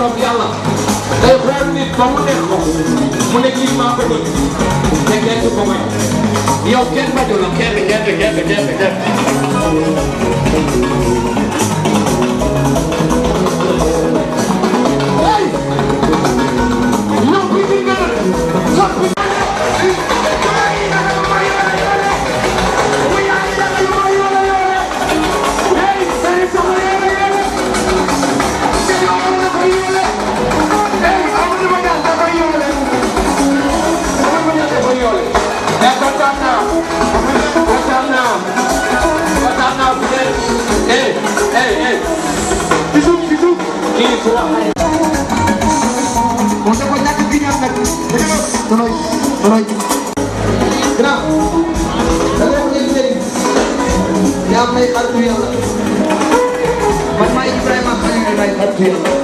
keroog yàlla day xool nit ba mu neex ko mu ne kii maa ko bëgg te gerte ko may yow kenn baju la gerte gerte gerte gerte gerte moo tax kon ñàkk gi ñor nag toloy toloy grand da ngay wax léegi léegi yaa may xaritu yàlla man maa Ibrahima xale ngay may xaritu yàlla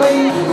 bay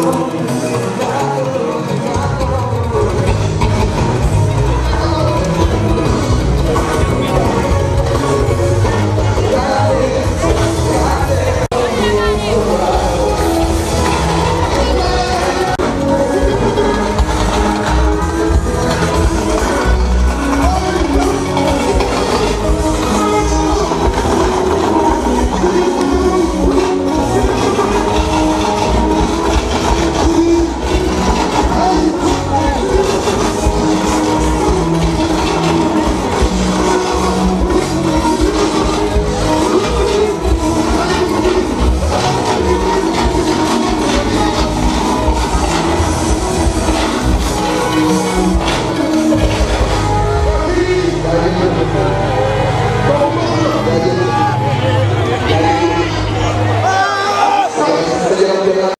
Oh